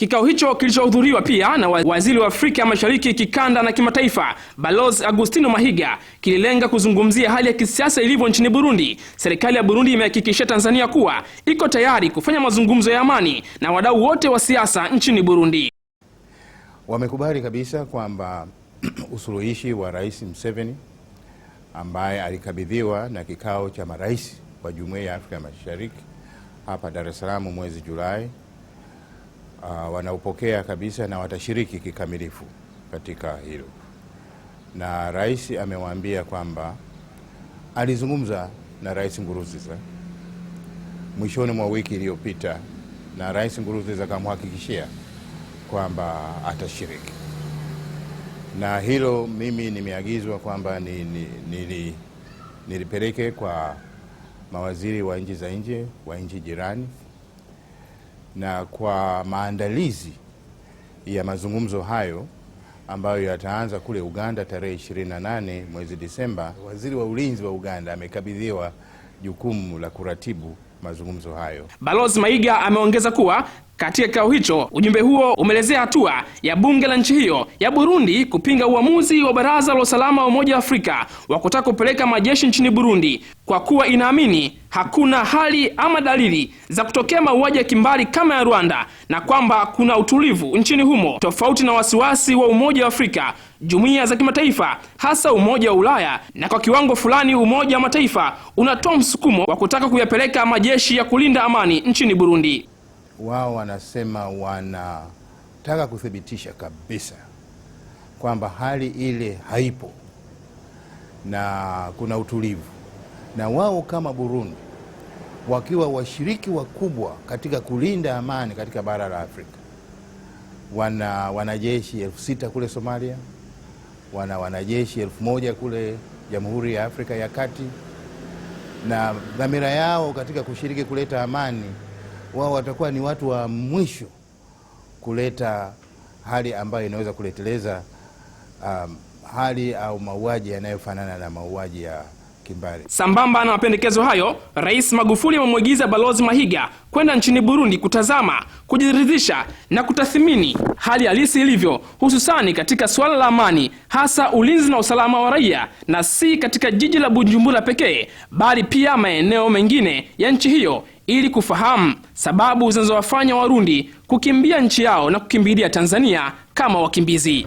Kikao hicho kilichohudhuriwa pia na waziri wa Afrika Mashariki kikanda na kimataifa Balozi Agustino Mahiga kililenga kuzungumzia hali ya kisiasa ilivyo nchini Burundi. Serikali ya Burundi imehakikishia Tanzania kuwa iko tayari kufanya mazungumzo ya amani na wadau wote wa siasa nchini Burundi. Wamekubali kabisa kwamba usuluhishi wa Rais Museveni ambaye alikabidhiwa na kikao cha marais wa Jumuiya ya Afrika Mashariki hapa Dar es Salaam mwezi Julai uh, wanaupokea kabisa na watashiriki kikamilifu katika hilo. Na rais amewaambia kwamba alizungumza na Rais Nguruziza mwishoni mwa wiki iliyopita, na Rais Nguruziza akamhakikishia kwamba atashiriki na hilo. Mimi nimeagizwa kwamba ni, ni, ni, nilipeleke kwa mawaziri wa nchi za nje wa nchi jirani na kwa maandalizi ya mazungumzo hayo ambayo yataanza kule Uganda tarehe 28 mwezi Disemba. Waziri wa ulinzi wa Uganda amekabidhiwa jukumu la kuratibu mazungumzo hayo. Balozi Maiga ameongeza kuwa katika kikao hicho ujumbe huo umeelezea hatua ya bunge la nchi hiyo ya Burundi kupinga uamuzi wa Baraza la Usalama wa Umoja wa Afrika wa kutaka kupeleka majeshi nchini Burundi kwa kuwa inaamini hakuna hali ama dalili za kutokea mauaji ya kimbari kama ya Rwanda na kwamba kuna utulivu nchini humo, tofauti na wasiwasi wa Umoja wa Afrika, jumuiya za kimataifa, hasa Umoja wa Ulaya na kwa kiwango fulani Umoja wa Mataifa unatoa msukumo wa kutaka kuyapeleka majeshi ya kulinda amani nchini Burundi. Wao wanasema wanataka kuthibitisha kabisa kwamba hali ile haipo na kuna utulivu na wao kama Burundi wakiwa washiriki wakubwa katika kulinda amani katika bara la Afrika. Wana wanajeshi elfu sita kule Somalia, wana wanajeshi elfu moja kule Jamhuri ya Afrika ya Kati, na dhamira yao katika kushiriki kuleta amani, wao watakuwa ni watu wa mwisho kuleta hali ambayo inaweza kuleteleza um, hali au mauaji yanayofanana na mauaji ya Kimbari. Sambamba na mapendekezo hayo, Rais Magufuli amemwagiza Balozi Mahiga kwenda nchini Burundi kutazama, kujiridhisha na kutathmini hali halisi ilivyo, hususani katika suala la amani, hasa ulinzi na usalama wa raia, na si katika jiji la Bujumbura pekee, bali pia maeneo mengine ya nchi hiyo ili kufahamu sababu zinazowafanya Warundi kukimbia nchi yao na kukimbilia Tanzania kama wakimbizi.